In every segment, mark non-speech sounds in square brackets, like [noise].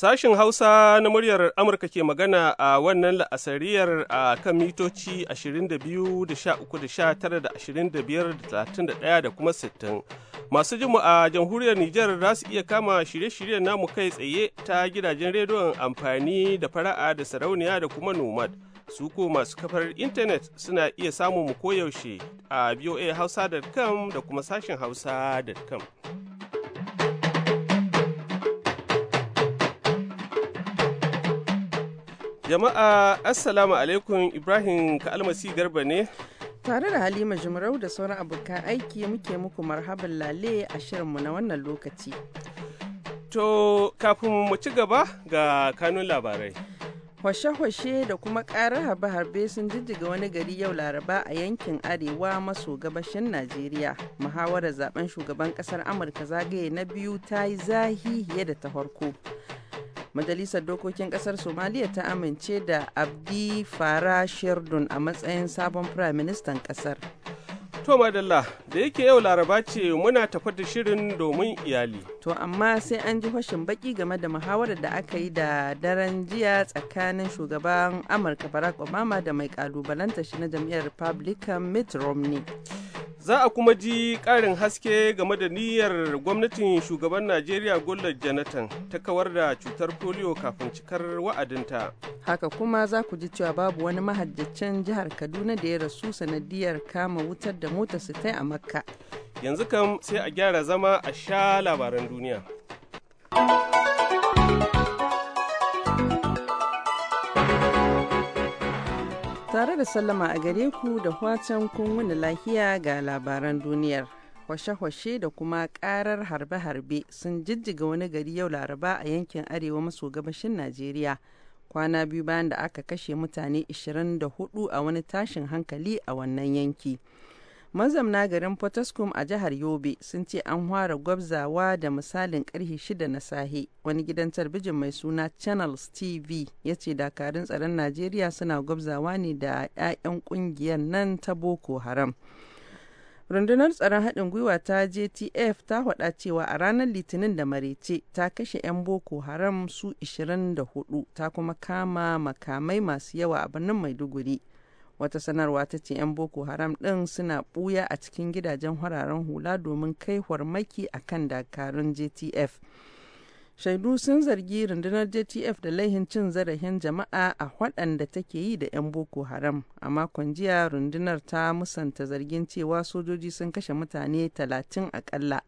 Sashin Hausa na muryar Amurka ke magana a wannan la'asariyar a kan mitoci 22 da da 25 da kuma 60. Masu jimu a jamhuriyar Nijar za su iya kama shirye-shiryen namu kai tsaye ta gidajen rediyon amfani da fara'a da sarauniya da kuma nomad. Su ko masu kafar intanet suna iya samun mu koyaushe a voahausa.com da kuma sashin hausa.com. Jama'a Assalamu alaikum Ibrahim kalmasi Garba ne. Tare da Halima Jumarau da sauran abokan aiki muke muku marhaban lale a shirinmu na wannan lokaci. To kafin mu ci gaba ga kanun labarai. Hwashe-hwashe da kuma ƙarar harbe-harbe sun jijjiga wani gari yau laraba a yankin arewa maso gabashin Najeriya. Muhawarar zaben shugaban ƙasar Amurka zagaye na biyu ta yi zahi yadda ta farko. Majalisar Dokokin Kasar Somaliya ta amince da Abdi fara Sherdun a matsayin sabon Firaministan kasar. To madalla da yake yau laraba ce muna tafa da shirin domin iyali. To amma sai an ji fashin baki game da muhawarar da aka yi da daren jiya tsakanin shugaban Amurka Barack Obama da mai kalubalanta shi na jam'iyyar Republican Mitt Romney. Za a kuma ji ƙarin haske game da niyyar gwamnatin shugaban Najeriya Goodluck Jonathan ta kawar da cutar polio kafin cikar wa'adinta. Haka kuma za ku ji cewa babu wani mahajjacin jihar Kaduna da ya rasu sanadiyar kama wutar da mota su a Makka. Yanzu kam sai a gyara zama a sha labaran duniya. Tare da sallama a gare ku da watan kun wani lahiya ga labaran duniyar. Hwashe-hwashe da kuma karar harbe-harbe sun jijjiga wani gari yau laraba a yankin arewa maso gabashin Najeriya. Kwana biyu bayan da aka kashe mutane 24 a wani tashin hankali a wannan yanki. mazamna garin potoskum a jihar yobe sun ce an fara gwabzawa da misalin karhe shida na sahe wani gidan talbijin mai suna channels tv ya ce dakarun tsaron najeriya suna gwabzawa ne da 'ya'yan kungiyar nan ta boko haram rundunar tsaron haɗin gwiwa ta jtf ta faɗa cewa a ranar litinin da marece ta kashe 'yan boko haram su 24 ta kuma kama makamai masu yawa a birnin maiduguri wata sanarwa ta ce 'yan boko haram ɗin suna ɓuya a cikin gidajen hararen hula domin kai maki a kan dakarun jtf shaidu sun zargi rundunar jtf da laihin cin zarafin jama'a a waɗanda take yi da 'yan boko haram a makon jiya rundunar ta musanta zargin cewa sojoji sun kashe mutane 30 akalla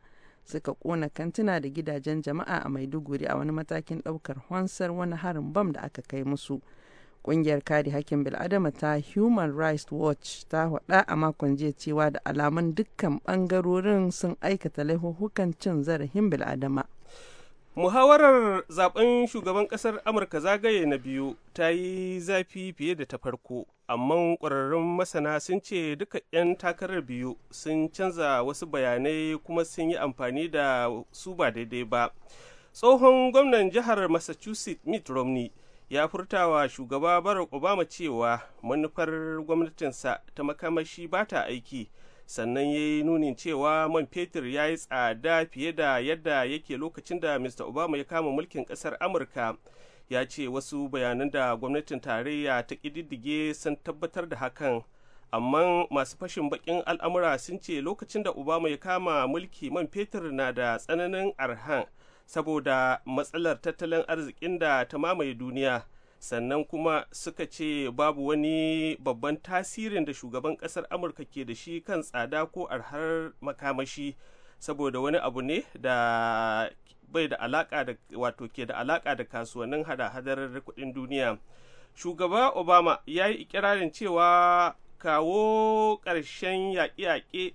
suka kona kantuna da gidajen jama'a a maiduguri a wani matakin ɗaukar hansar wani harin bam da aka kai musu. kungiyar kare hakkin bil'adama ta Human Rights Watch ta faɗa a makon jiya cewa da alamun dukkan bangarorin sun aikata laifukan cin zarafin bil'adama. Muhawarar zaben shugaban kasar Amurka zagaye na biyu ta yi zafi fiye da ta farko, amma ƙwararrun masana sun ce duka 'yan takarar biyu sun canza wasu bayanai kuma sun yi amfani da su ba daidai ba. Tsohon gwamnan jihar Massachusetts Mitt Romney ya furtawa shugaba barack obama cewa manufar gwamnatinsa ta makamashi ba ta aiki sannan ya yi nunin cewa man fetur ya yi tsada fiye da yadda yake lokacin da mr obama ya kama mulkin kasar amurka ya ce wasu bayanan da gwamnatin tarayya ta ƙididdige sun tabbatar da hakan amma masu fashin bakin al'amura sun ce lokacin da obama ya kama mulki man fetur na da tsananin arhan saboda matsalar tattalin arzikin da ta mamaye duniya sannan kuma suka ce babu wani babban tasirin da shugaban kasar amurka ke da shi kan tsada ko arhar makamashi saboda wani abu ne da bai da alaka da wato ke da alaka da kasuwannin hada-hadar kudin duniya shugaba obama ya yi ikirarin cewa kawo ƙarshen yaƙe-yaƙe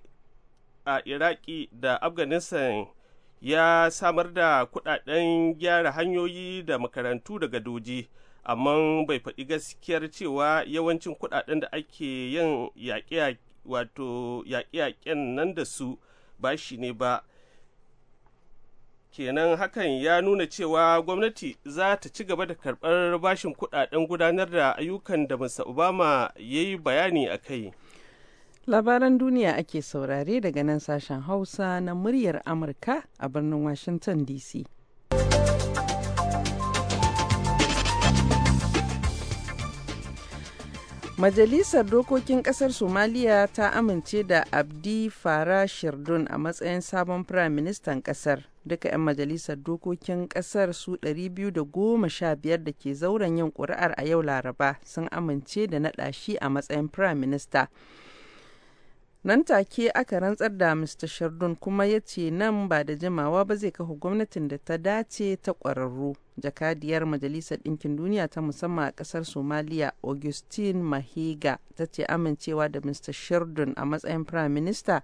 a iraki da afghanistan ya samar da kudaden gyara hanyoyi da makarantu daga doji amma bai faɗi gaskiyar cewa yawancin kudaden da ake yin yaƙi yaƙen nan da su ba shi ne ba kenan hakan ya nuna cewa gwamnati za ta ci gaba da karɓar bashin kudaden gudanar da ayyukan da musa obama ya yi bayani a kai Labaran duniya ake saurare daga nan sashen Hausa na muryar Amurka a birnin Washington DC. Majalisar Dokokin kasar Somaliya ta amince da Abdi Fara Shirdun a matsayin sabon Firayim Ministan Ƙasar. Duka 'yan Majalisar Dokokin kasar su 215 da ke zauren yin ƙuri'ar a yau Laraba sun amince da naɗa shi a matsayin Firayim Nan take aka rantsar da Mr. Shardun kuma ya ce nan ba da jimawa ba zai kafa gwamnatin da ta dace ta ƙwararru. Jakadiyar Majalisar Ɗinkin Duniya ta musamman a ƙasar Somaliya Augustine Mahiga ta ce amincewa da Mr. Shardun a matsayin Prime Minister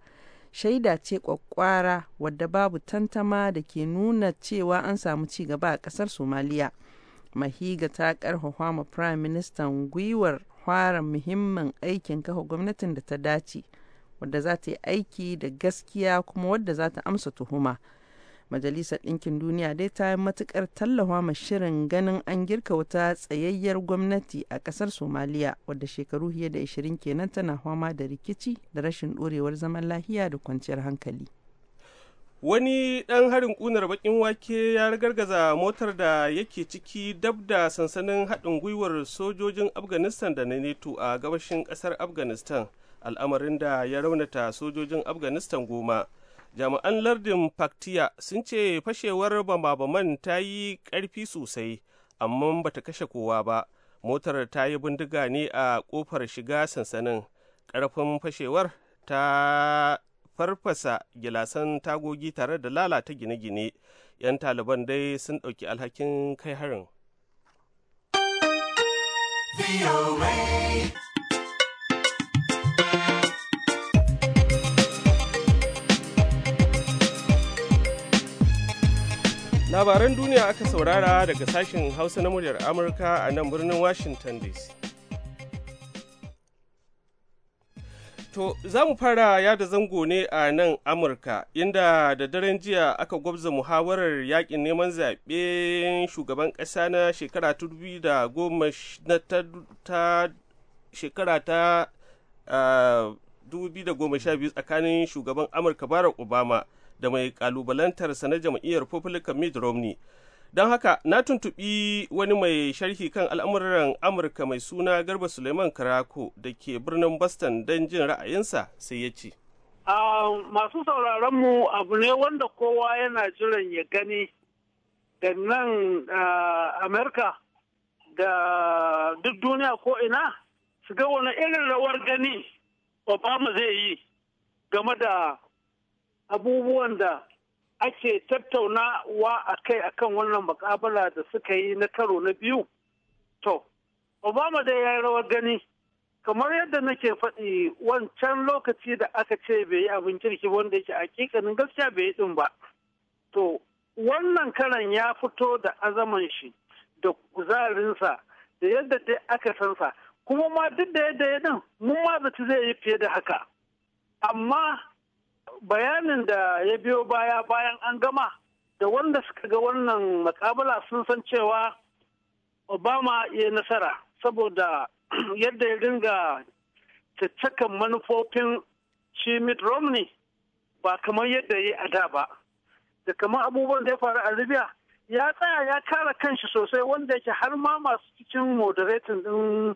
shaida ce kwakwara wadda babu tantama da ke nuna cewa an samu ci gaba a ƙasar Somaliya. Mahiga ta ƙarfafa ma Prime Minister gwiwar fara muhimmin aikin kafa gwamnatin da ta dace wadda za ta yi aiki da gaskiya kuma wadda za ta amsa tuhuma. Majalisar Ɗinkin Duniya dai ta yi matuƙar tallafa ma shirin ganin an girka wata tsayayyar gwamnati a ƙasar Somaliya wadda shekaru fiye da 20 kenan tana fama da rikici da rashin ɗorewar zaman lahiya da kwanciyar hankali. Wani ɗan harin ƙunar baƙin wake ya ragargaza motar da yake ciki dab da sansanin haɗin gwiwar sojojin Afghanistan da na neto a gabashin ƙasar Afghanistan. al'amarin da ya raunata sojojin afghanistan goma jami'an lardin paktiya sun ce fashewar bama-baman ta yi ƙarfi sosai amma bata kashe kowa ba motar ta yi bindiga ne a ƙofar shiga sansanin ƙarfin fashewar ta farfasa gilasan tagogi tare da lalata gine-gine 'yan taliban dai sun ɗauki alhakin kai harin. labaran duniya aka saurara daga sashen hausa na muryar amurka a nan birnin washington dc To, za mu fara yada zango ne a nan Amurka, inda da daren jiya aka gwabza muhawarar yakin neman zaɓe shugaban ƙasa na shekara ta shekara ta 2012 ah, tsakanin shugaban Amurka Barack Obama. da mai kalubalantarsa na jam'iyyar Republican Mitt Romney. Don haka na tuntuɓi wani mai sharhi kan al'amuran Amurka mai suna Garba Suleiman Karako da ke birnin Boston don jin ra'ayinsa sai ya ce. Ah, masu sauraronmu abu ne wanda kowa yana jiran ya gani da nan ah, Amurka da duk duniya ko ina su ga wani irin rawar gani Obama zai yi game da abubuwan da ake tattaunawa a kai a kan wannan mukabala da suka yi na karo na biyu to obama dai ya yi rawar gani kamar yadda nake faɗi wancan lokaci da aka ce bai yi abin kirki wanda yake hakikanin gaskiya bai yi ɗin ba to wannan karan ya fito da azaman shi da kuzarinsa da yadda dai aka sansa kuma ma duk da yadda ya ɗin mun ma zai yi fiye da haka amma bayanin da ya biyo baya bayan an gama da wanda suka ga wannan makabala sun san cewa obama ya nasara saboda [clears throat] yadda ya ringa caccakan manufofin shi mitt romney ba kamar yadda ya yi a da ba da kamar abubuwan da ya faru a libya ya tsaya ya kara shi sosai wanda yake har ma masu cikin moderatin din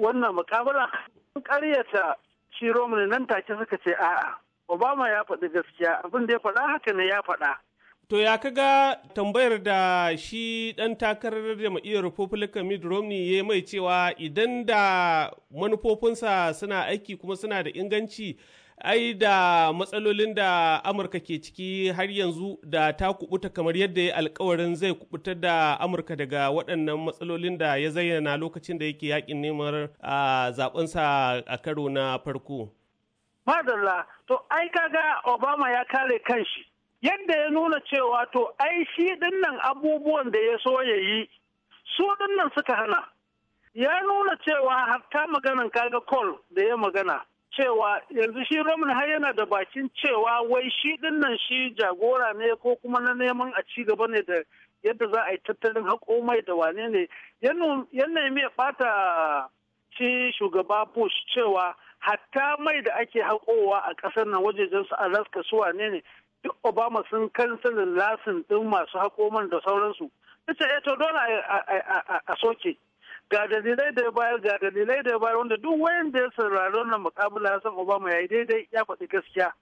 wannan mukabala sun karyata shi romney nan take suka ce a'a Obama ya faɗi gaskiya abin da ya faɗa haka ne ya faɗa. To ya kaga tambayar da shi ɗan takarar jam'iyyar Republican Mitt Romney ya mai cewa idan da manufofinsa suna aiki kuma suna da inganci ai da matsalolin da Amurka ke ciki har yanzu da ta kubuta kamar yadda ya alkawarin zai kubutar da Amurka daga waɗannan matsalolin da ya zayyana lokacin da yake yakin neman ah, zaɓensa a karo na farko. madalla to ai kaga obama ya kare kanshi yadda ya nuna cewa to ai shi dinnan abubuwan da ya so ya yi su dinnan suka hana ya nuna cewa hatta maganan kaga call da ya magana cewa yanzu shi roman har yana da bakin cewa wai shi dinnan shi jagora ne ko kuma na neman a ci gaba ne da yadda za a yi tattalin haƙo mai da wane ne ya nemi ya ɓata shi shugaba bush cewa hatta mai da ake haƙowa a ƙasar nan wajejen su alaska su wane ne duk obama sun kansalin lasin ɗin masu haƙoman da sauransu ita eto eh, dole a soke ga dalilai da ya bayar ga dalilai da ya bayar wanda duk wayan da ya saurari wannan mukabula ya san obama ya yi daidai ya faɗi gaskiya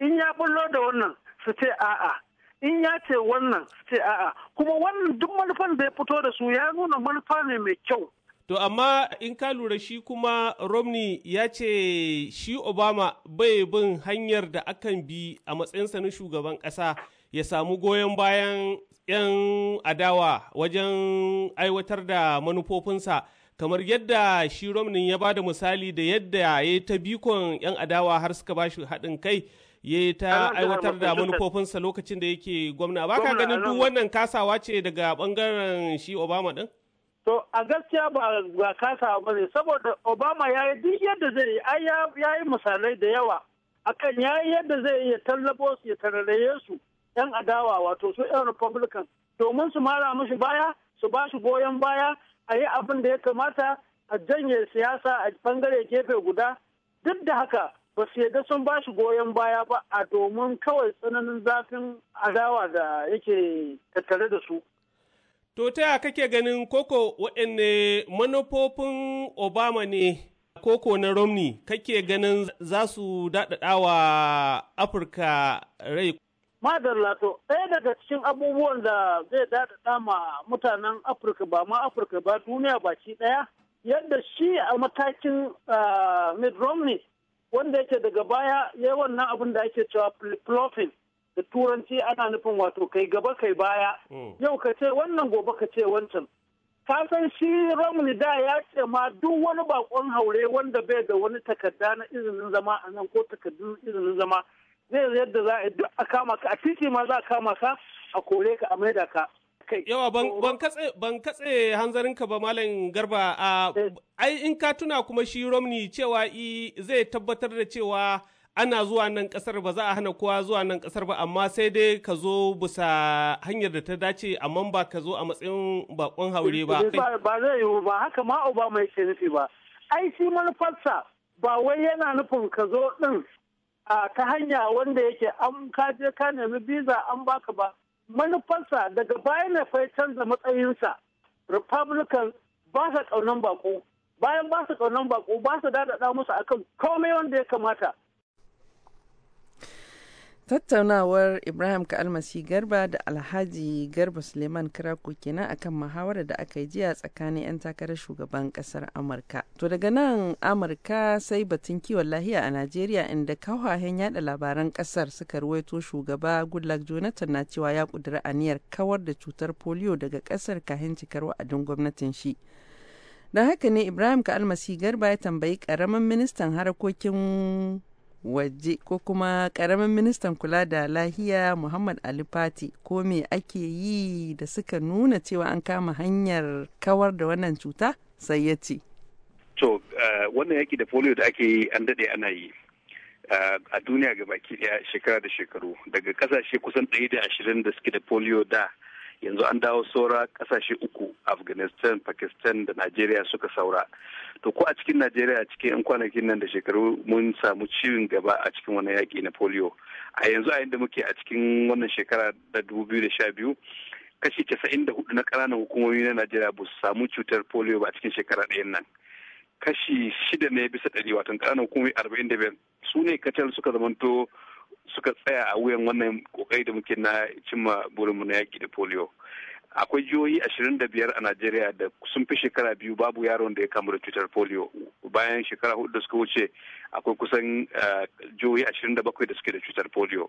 in ya bullo da wannan su ce a'a in ya ce wannan su ce a'a kuma wannan duk manufan da ya fito da su ya nuna manufa ne mai kyau To amma in ka lura shi kuma Romney ya ce shi Obama bai bin hanyar da akan bi a matsayinsa na shugaban ƙasa ya samu goyon bayan 'yan adawa wajen aiwatar da manufofinsa kamar yadda shi Romney ya ba da misali da yadda ya yi ta bikon 'yan adawa har suka ba shi haɗin kai ya ta aiwatar da manufofinsa lokacin da yake gwamna ba ka ganin duk wannan kasawa ce daga ɓangaren shi Obama ɗin? To a gaskiya ba a kasa ba ne saboda Obama ya yi duk yadda zai yi ya yi misalai da yawa akan ya yi yadda zai iya tallabo su ya tararaye su yan adawa wato su yan Republican domin su mara mushi baya su ba shi goyon baya a yi abin da ya kamata a janye siyasa a bangare gefe guda duk da haka ba su yadda sun ba shi goyon baya ba a domin kawai tsananin zafin adawa da yake tattare da su. To ta kake ganin koko waɗanne manufofin Obama ne koko na Romney kake ganin za su daɗaɗa wa Afirka rai? Madalla to ɗaya daga cikin abubuwan da zai daɗaɗa ma mutanen Afirka ba ma Afirka ba duniya baki ɗaya yadda shi a matakin ah, Mitt Romney wanda yake daga baya ya wannan abin da ake cewa flip da turanci ana nufin wato kai gaba kai baya hmm. yau ka ce wannan gobe ka ce wancan ka san shi Romney da ya ce ma duk wani bakon haure wanda bai da wani takarda na izinin zama a nan ko takardun izinin zama zai yadda za a duk a kama ka a titi ma za a kama ka a kore ka a maida ka yawa ban katse ban katse hanzarinka ba malam garba eh. ai in ka tuna kuma shi Romney cewa i zai tabbatar da cewa ana zuwa nan kasar ba za a hana kowa zuwa nan kasar ba amma sai dai ka zo bisa hanyar da ta dace amma ba ka zo a matsayin bakon haure eh, ba ba zai yiwu ba haka ma obama ke nufi ba ai shi manufarsa ba wai yana nufin ka zo din ta hanya wanda yake an ka je ka nemi biza an baka ba manufarsa daga baya ne fa canza matsayinsa republican ba sa kaunan bako bayan ba sa kaunan bako ba sa dadada musu akan komai wanda ya kamata Tattaunawar Ibrahim Almasi Garba da Alhaji Garba Suleiman Krako kenan akan muhawarar da aka yi jiya tsakanin 'yan takarar shugaban kasar Amurka. To daga nan Amurka sai batun kiwon lahiya a Najeriya inda kawahen yada labaran kasar suka ruwaito shugaba Goodluck Jonathan na cewa ya kudura niyar kawar da cutar polio daga kasar kahin cikar wa'adin gwamnatin shi. Don haka ne Ibrahim Almasi Garba ya tambayi ƙaramin ministan harkokin waje ko kuma karamin ministan kula da lahiya muhammad ali fati ko me ake yi da suka nuna cewa an kama hanyar kawar da wannan cuta sai ya ce to eh, wannan yaki da polio da ake yi an daɗe ana yi eh, a duniya ga baki ɗaya shekara da shekaru daga ƙasashe kusan ɗaya da ashirin da suke da polio da yanzu an dawo saura kasashe uku afghanistan pakistan da nigeria suka saura to ko a cikin nigeria cikin 'yan kwanakin nan da shekaru mun samu ciwon gaba a cikin wannan yaƙi na polio a yanzu a yadda muke a cikin wannan shekara da 2012 kashi 94 na ƙananan hukumomi na nigeria ba su samu cutar polio ba a cikin shekara ɗayan nan kashi shida ne bisa ɗari watan ƙananan hukumomi arba'in da biyar su ne kacal suka zamanto suka tsaya a wuyan wannan kokari da muke na cimma burinmu na yaki da polio akwai jihohi ashirin da biyar a najeriya da sun fi shekara biyu babu yaron da ya kamu da cutar polio bayan shekara hudu da suka wuce akwai kusan eh, jihohi ashirin da bakwai da suke da cutar polio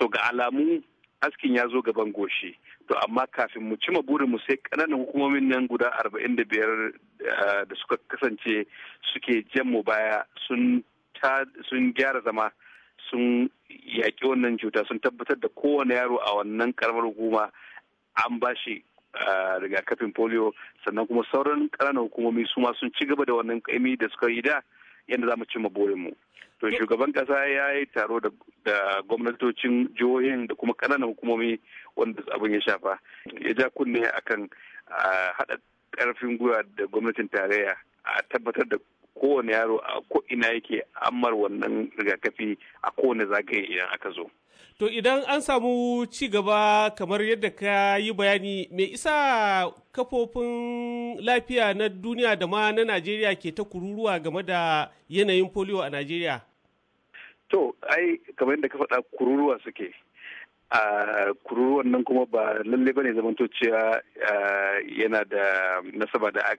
so ga alamu askin ya zo gaban goshi to amma kafin mu cima mu sai kananan hukumomin nan guda arba'in da biyar eh, da suka kasance suke jan mu baya sun gyara zama sun yaƙi wannan cuta sun tabbatar da kowane yaro a wannan karamar hukuma an ba shi ah, rigakafin polio sannan kuma sauran ƙananan hukumomi su ma sun ci gaba da wannan ƙaimi da suka yi da yadda za mu ci burinmu. To shugaban ƙasa ya yi taro da gwamnatocin jihohin da kuma ƙananan hukumomi wanda abin ya shafa. Ya ja kunne akan ah, haɗa ƙarfin gwiwa da gwamnatin tarayya a tabbatar da kowane yaro a ko'ina yake ammar wannan rigakafi a kowane zagaye idan aka zo. To idan an samu ci gaba kamar yadda ka yi bayani me isa kafofin lafiya na duniya da ma na Najeriya ke ta kururuwa game da yanayin polio a Najeriya? To, ai, kamar yadda ka faɗa kururuwa suke. a kururuwan nan kuma ba lalle bane ne cewa yana da nasaba da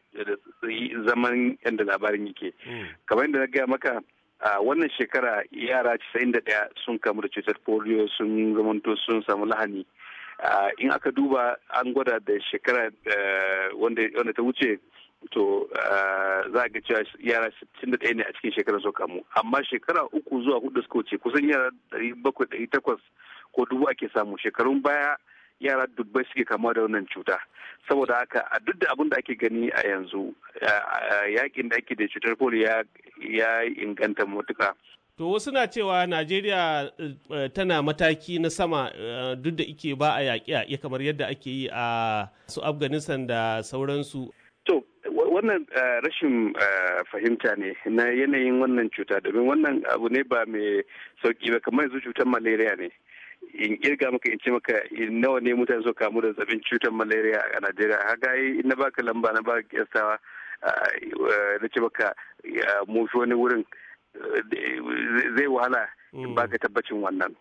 zaman yadda labarin yake hmm. kamar yadda na gaya maka a wannan shekara yara 91 sun kamu da cutar polio sun zamanto sun samu lahani in aka duba an gwada da shekara eh, wanda ta wuce to eh, za ga cewa yara 61 ne a cikin shekarar su kamu amma shekara uku zuwa hudu suka wuce kusan yara 700-800 ko dubu ake samu shekarun baya yara dubbai suke kamuwa da wannan cuta saboda haka a duk da abin da ake gani a yanzu eh, eh, yakin da ake da cutar polio ya inganta matuka To wasu na cewa Najeriya tana mataki na sama duk da ike ba a yaƙi a kamar yadda ake yi a su Afghanistan da sauransu. wannan eh, rashin eh, fahimta ne na yanayin wannan cuta domin wannan abu ne ba mai sauki ba kamar yanzu cutar malaria ne in kirga maka in ce maka nawa ne mutane su kamu da zabin cutar malaria a najeriya ga yi na baka lamba na baka kiyastawa na ce maka mu wani wurin eh, zai wahala in baka mm. tabbacin wannan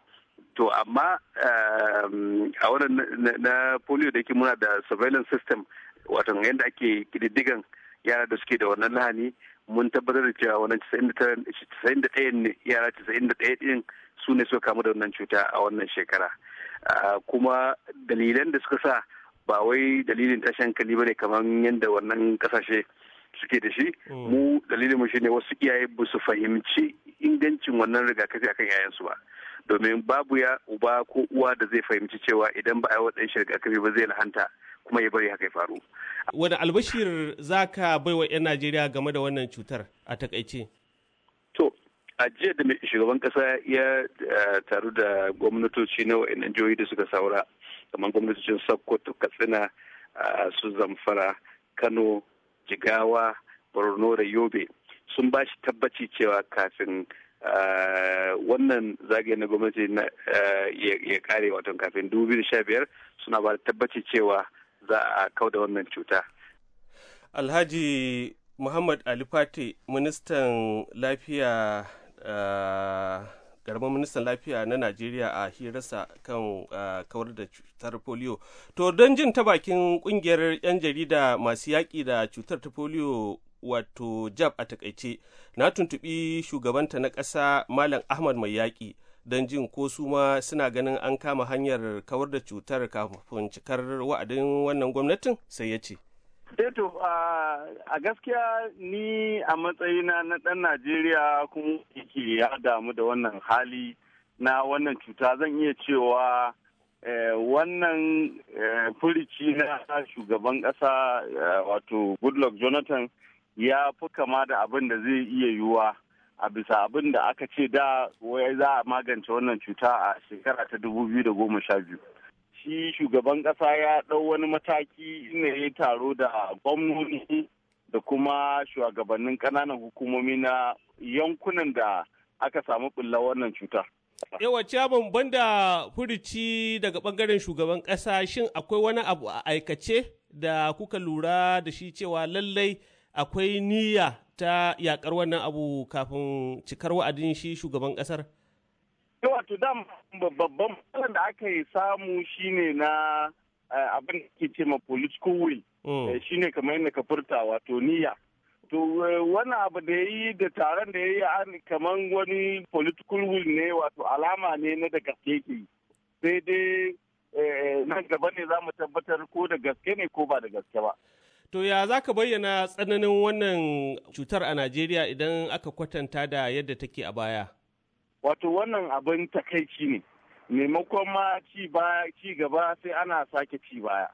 to amma ehm, a wannan na polio da yake muna da surveillance system wato yadda ake kididdigan yara da suke da wannan lahani mun tabbatar da cewa wannan 91 ne yara 91 din su ne suka kamu da wannan cuta a wannan shekara kuma dalilan da suka sa ba wai dalilin tashin kali ba ne kamar yadda wannan kasashe suke da shi mm. mu dalilin mu shi ne wasu iyaye ba su fahimci ingancin wannan rigakafi akan yayansu ba domin babu ya uba ko uwa da zai fahimci cewa idan ba a yi waɗansu rigakafi ba zai lahanta kuma ya bari haka ya faru. Wani albashir za ka bai 'yan Najeriya game da wannan cutar a takaice? To, a jiya da shugaban kasa ya eh, taru da gwamnatoci na wa'in jihohi da suka saura kamar gwamnatocin Sokoto, Katsina, eh, su Zamfara, Kano, Jigawa, Borno da Yobe sun ba shi tabbaci cewa kafin eh, wannan zagaye na gwamnati ya kare watan kafin 2015 suna ba da tabbaci cewa za a da wannan cuta. Alhaji Muhammad Ali Fate, ministan lafiya garban eh, ministan lafiya na Najeriya a hirarsa kan eh, kawar da cutar polio. To don jin ta bakin kungiyar 'yan jarida masu yaƙi da cutar ta polio wato jab a takaice na tuntubi shugabanta na ƙasa Malam Ahmad Mai yaƙi. don jin ko su ma suna ganin an kama hanyar kawar da cutar kafin cikar wa'adin wannan gwamnatin sai ya ce. Eto eh a gaskiya ni a matsayina na ɗan Najeriya kuma yake ya damu da wannan hali na wannan cuta zan iya cewa eh, wannan eh, furici na shugaban ƙasa wato Goodluck Jonathan ya fi kama da abin da zai iya yiwuwa. a bisa abin da aka ce da wai za a magance wannan cuta a shekara ta dubu biyu da goma sha biyu. Shi shugaban ƙasa ya ɗau wani mataki ne ya taro da gwamnoni da kuma shugabannin ƙananan hukumomi na yankunan da aka samu ɓulla wannan cuta. Yawa eh, caban banda furuci daga ɓangaren shugaban ƙasa shin akwai wani abu a aikace da kuka lura da shi cewa lallai akwai niyya ta yakar wannan abu kafin cikar wa'adin shi shugaban kasar? Eh, wato dam babban matsalar da aka yi samu shine na eh, abin da ke ce ma political will mm. eh, shine kamar yadda ka furta wato niyya to wani abu da ya yi da taron da ya yi kamar wani political will ne wato alama ne na da gaske ke sai dai nan gaba ne za mu tabbatar ko da gaske ne ko ba da gaske ba To ya za ka bayyana tsananin wannan cutar a Najeriya idan aka kwatanta da yadda take a baya? Wato wannan abin takaici ne, maimakon ma ci gaba sai ana sake ci baya.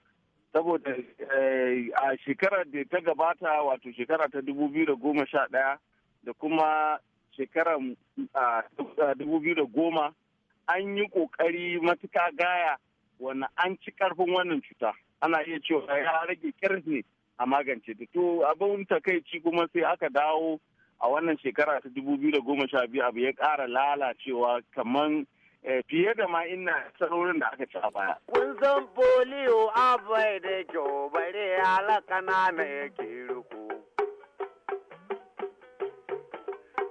Saboda eh, a shekarar da ta gabata wato shekara ta 2011 da kuma shekarar goma an yi ƙoƙari matuka gaya wanda an ci karfin wannan cuta. Ana iya cewa ya rage ƙarfi a magance ta to abin takaici kuma sai aka dawo a wannan shekara ta dubu biyu da goma sha biyu abu ya ƙara lalacewa kamar eh, fiye da ma ina sarorin da aka ci a baya. Kun san foliyo abai da kyau bare alaka na na ke ruku.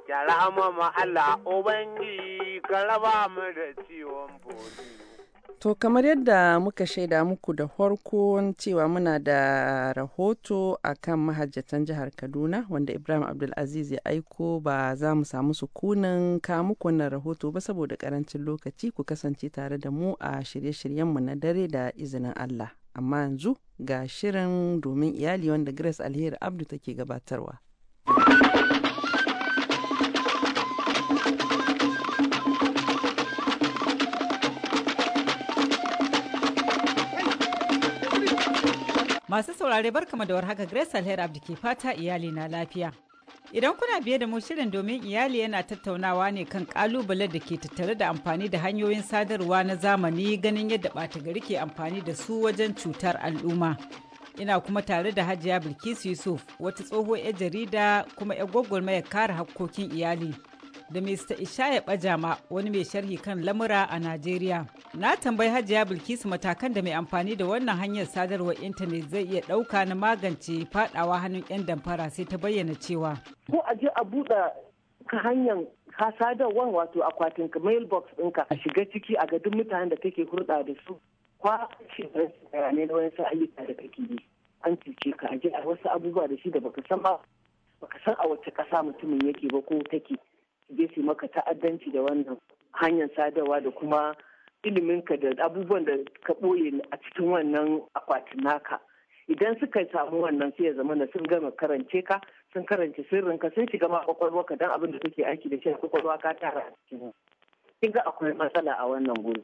Kyara mama Allah Ubangi ka raba mu da ciwon foliyo. To kamar yadda muka shaida muku da farko cewa muna da rahoto a kan mahajjatan jihar Kaduna wanda Ibrahim Abdulaziz ya aiko ba za mu samu sukunin ka wannan rahoto ba saboda karancin lokaci ku kasance tare da mu a shirye-shiryenmu na dare da izinin Allah. Amma yanzu ga shirin domin iyali wanda Grace Alheri Abdu take gabatarwa. Masu saurare barkama da warhaka Grace Alher Abdi ke fata iyali na lafiya. Idan kuna biye da mu shirin domin iyali yana tattaunawa ne kan kalubalen da ke tattare da amfani da hanyoyin sadarwa na zamani ganin yadda ɓata gari ke amfani da su wajen cutar al'umma. Ina kuma tare da Hajiya Bilkisu Yusuf wata tsoho 'yar jarida kuma 'yar gwagwarmayar kare hakkokin iyali. da Mr. Ishaya Bajama wani mai sharhi kan lamura a Najeriya. Na tambayi Hajiya Bilkisu matakan da mai amfani da wannan hanyar sadarwar intanet zai iya ɗauka na magance fadawa hannun 'yan damfara sai ta bayyana cewa. Ko a je a buɗe ka hanyar ka sadarwar wato akwatin ka mailbox ɗinka a shiga ciki a gadin mutanen da kake hurɗa da su. Kwa shi bayanai na sa ayyuka da kake yi. An cuce ka a je a wasu abubuwa da shi da baka san ba baka san a wace ƙasa mutumin yake ba ko take. je su maka ta'addanci da wannan hanyar sadarwa da kuma iliminka da abubuwan da ka ɓoye a cikin wannan akwatin naka idan suka samu wannan sai ya zama na sun gama karance ka sun karance ka sun shiga ma ka dan abin da kake aiki da shi a kwakwalwa ka tara a cikin kin ga akwai matsala a wannan gurin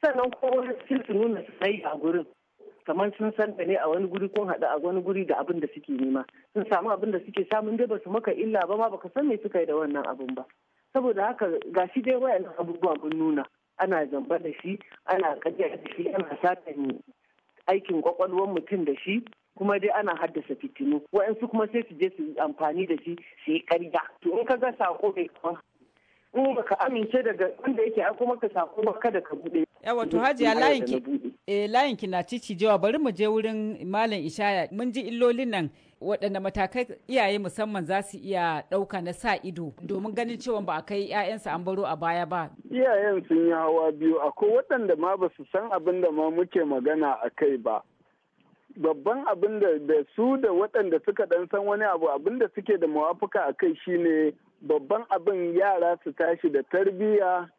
sannan kuma sun su nuna su a gurin kamar sun san da ne a wani guri kun haɗu a wani guri da abin da suke nema sun samu abin da suke samu dai su maka illa ba ma baka san me suka yi da wannan abin ba saboda haka gashi dai wayannan abubuwa mun nuna ana zamba da shi ana kajiya da shi ana sata aikin kwakwalwar mutum da shi kuma dai ana haddasa fitinu wa'yansu kuma sai su je su amfani da shi su yi karya. to in ka ga sako bai kuma in ka amince daga wanda yake kuma maka sako ba kada ka bude Yawa to hajiya layin ki eh layin ki na cicijewa bari mu je wurin malam Ishaya mun ji illolin nan waɗanne matakai iyaye musamman za su iya ɗauka na sa ido domin ganin cewa ba a kai 'ya'yansa an baro a baya ba. Iyayen sun yi hawa biyu akwai waɗanda ma ba su san abin da ma muke magana a kai ba. Babban abin da su da waɗanda suka ɗan san wani abu abin da suke da mawafuka a kai shi ne babban abin yara su tashi da tarbiyya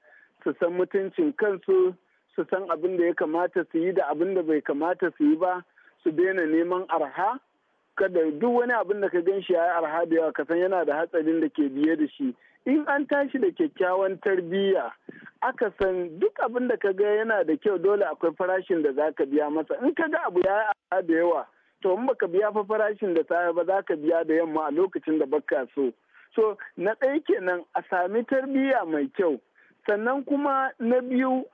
su san mutuncin kansu su san abin da ya kamata su yi da abin da bai kamata su yi ba su daina neman arha kada duk wani abin da ka gan shi ya arha da yawa kasan yana da hatsarin da ke biye da shi in an tashi da kyakkyawan tarbiyya aka san duk abin da ka ga yana da kyau dole akwai farashin da za ka biya masa in ka ga abu ya yi arha da yawa to in baka biya fa farashin da ta ba za ka biya da yamma a lokacin da baka so so na ɗaya kenan a sami tarbiyya mai kyau sannan kuma na biyu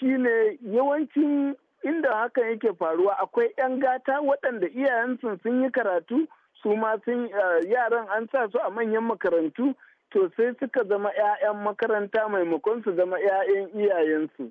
shine yawancin inda hakan yake faruwa akwai 'yan gata waɗanda iyayensu sun yi karatu su ma sun eh, yaran an sa su a manyan makarantu to sai suka zama 'ya'yan makaranta maimakon su zama 'ya'yan iyayensu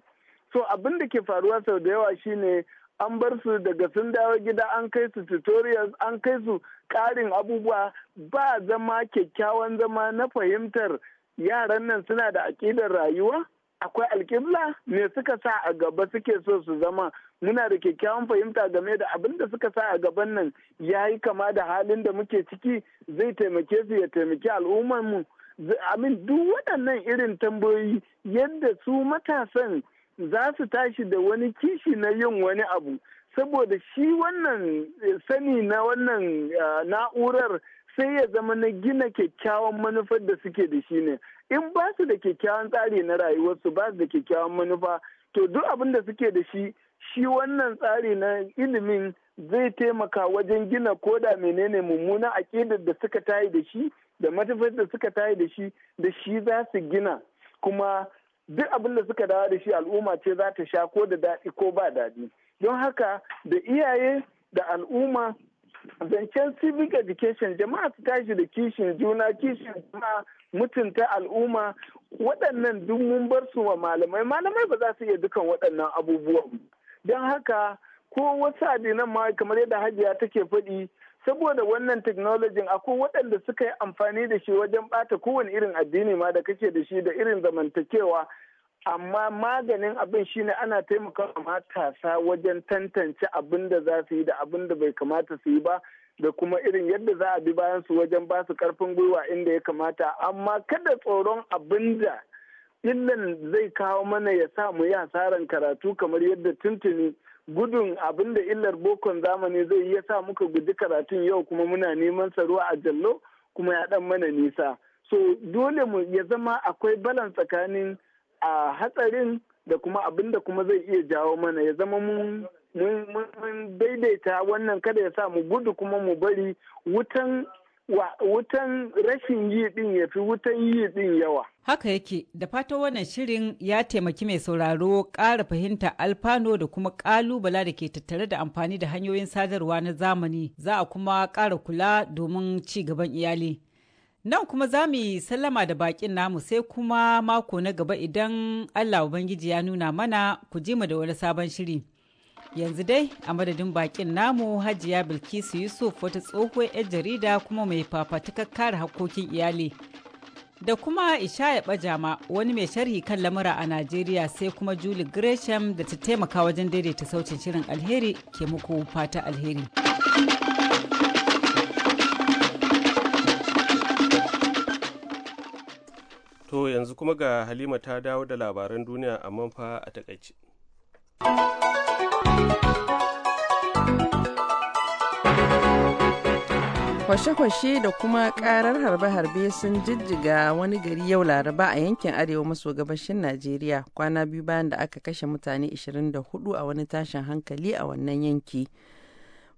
so abin da ke faruwa sau da yawa shine an bar su daga sun dawo gida an kai su tutorials an kai su ƙarin abubuwa ba zama kyakkyawan zama na fahimtar yaran nan suna da aƙidar rayuwa akwai alƙibla ne suka sa a gaba suke so su zama muna da kyakkyawan fahimta game da abin da suka sa a gaban nan ya yi kama da halin da muke ciki zai taimake su ya taimaki al'ummarmu amin duk waɗannan irin tambayoyi yadda su matasan za su tashi da wani kishi na yin wani abu saboda shi wannan eh, sani na wannan eh, na'urar sai ya zama na gina kyakkyawan manufar da suke da shi ne in ba su da kyakkyawan tsari na rayuwarsu ba su da kyakkyawan manufa to duk abin da suke da shi shi wannan tsari na ilimin zai taimaka wajen gina koda menene mummunan aƙidar da suka tayi da shi da matafiyar da suka tayi da shi da shi za su gina kuma duk abin da suka dawo da shi al'umma ce za ta sha ko da daɗi ko ba daɗi don haka da iyaye da al'umma zancen civic education jama'a su tashi da kishin juna kishin juna mutunta al'umma waɗannan duk mun bar su wa malamai malamai ba za su iya dukan waɗannan abubuwan don haka ko wasu addinan ma kamar yadda hajiya take faɗi saboda wannan technology akwai waɗanda suka yi amfani da shi wajen ɓata kowane irin addini ma da kake da shi da irin zamantakewa amma maganin abin shine ana taimaka matasa wajen tantance abin da za su yi da abin da bai kamata su yi ba da kuma irin yadda za a bi bayan su wajen ba su karfin gwiwa inda ya kamata amma kada tsoron abin da illan zai kawo mana ya sa mu yi hasaran karatu kamar yadda tuntuni gudun abin da illar bokon zamani zai yi ya sa muka guji karatun yau kuma muna neman sa a jallo kuma ya dan mana nisa so dole mu ya zama akwai balan tsakanin a hatsarin da kuma abin da kuma zai iya jawo mana ya zama mun daidaita wannan kada ya sa mu gudu kuma mu bari wutan wutan rashin yi din ya fi wutan yi din yawa. Haka yake da fatan wannan shirin ya taimaki mai sauraro ƙara fahimta alfano da kuma ƙalubala da ke tattare da amfani da hanyoyin sadarwa na zamani za a kuma ƙara kula domin ci gaban iyali. Nan kuma za mu yi sallama da bakin namu sai kuma mako na gaba idan Allah Ubangiji ya nuna mana ku ji mu da wani sabon shiri. Yanzu dai a madadin bakin namu Hajiya Bilkisu Yusuf wata tsohuwar 'yar jarida kuma mai fafatukar kare hakokin iyali. Da kuma Ishaya Bajama wani mai sharhi kan lamura a Najeriya sai kuma Julie Gresham da ta taimaka wajen daidaita sautin shirin alheri ke muku fata alheri. To yanzu kuma ga Halima ta dawo da labaran duniya a manfa a takaici. Kwashe-kwashe da kuma karar harbe-harbe sun jijjiga wani gari yau laraba a yankin arewa maso gabashin Najeriya kwana biyu bayan da aka kashe mutane 24 a wani tashin hankali a wannan yanki.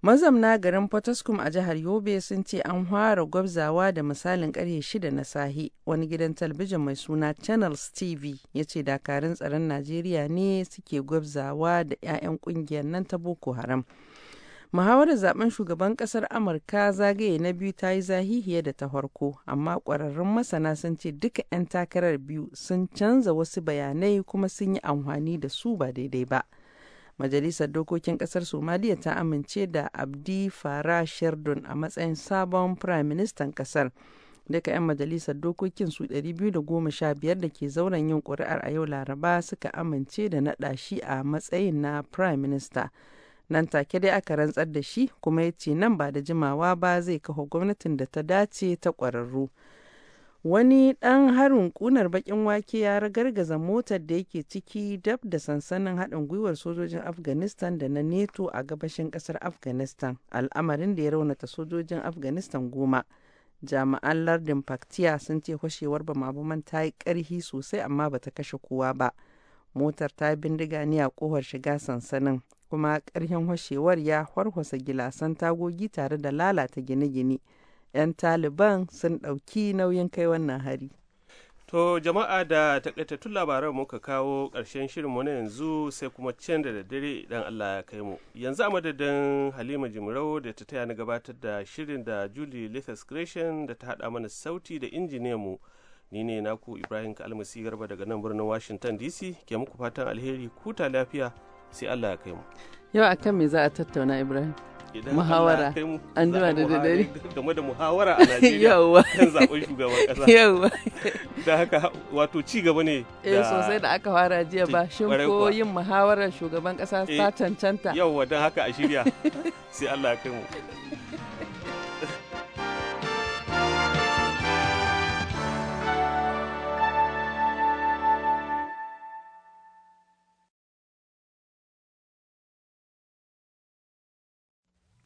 mazamna garin potoskum a jihar yobe sun ce an fara gwabzawa da misalin karye shida na sahi wani gidan talbijin mai suna channels tv ya ce dakarun tsaron najeriya ne suke gwabzawa da 'ya'yan kungiyar nan ta boko haram muhawarar zaben shugaban kasar amurka zagaye na biyu ta yi zahihiya da ta farko amma kwararrun masana sun ce duka 'yan takarar biyu sun canza wasu bayanai kuma sun yi amfani da su ba daidai ba. Majalisar Dokokin Ƙasar Somaliya ta amince da Abdi Fara Sherdon a matsayin sabon Firaministan ƙasar. Duka 'yan majalisar dokokin su 215 da ke zauren yin ƙuri'ar a yau Laraba suka amince da naɗa shi a matsayin na Prime Minister. Nan take dai aka rantsar da shi kuma ya ce nan ba da jimawa ba zai kafa gwamnatin da ta dace ta ƙwararru. Wani ɗan harin ƙunar bakin wake ya ragargaza motar da yake ciki dab da sansanin haɗin gwiwar sojojin Afghanistan da na neto a gabashin ƙasar Afghanistan, al'amarin da ya raunata sojojin Afghanistan goma. Jami'an lardin Paktiya sun ce ba mabuman ta yi ƙarhi sosai amma ba ta kashe kowa ba. Motar ta bindiga ne a ƙofar shiga sansanin, kuma ƙarhin kwashewar ya horhosa gilasan tagogi tare da lalata gine-gine. 'yan taliban sun ɗauki nauyin kai wannan hari to jama'a da takaitattun labaran muka kawo ƙarshen shirin na yanzu sai kuma can da daddare idan allah ya kai mu yanzu a madadin halima jimarau da ta taya na gabatar da shirin da juli lethas Creation da ta haɗa mana sauti da injiniyan mu ni ne naku ibrahim kalmasi garba daga nan birnin washington dc ke muku fatan alheri kuta lafiya sai allah ya kai mu yau akan me za a tattauna ibrahim muhawara an jima da dare [laughs] game da muhawara a Najeriya kan [laughs] shugaban [laughs] da haka wato ci gaba ne eh sosai da aka fara jiya ba shin ko yin muhawarar shugaban kasa ta eh, cancanta yawa don haka a shirya sai Allah ya kai mu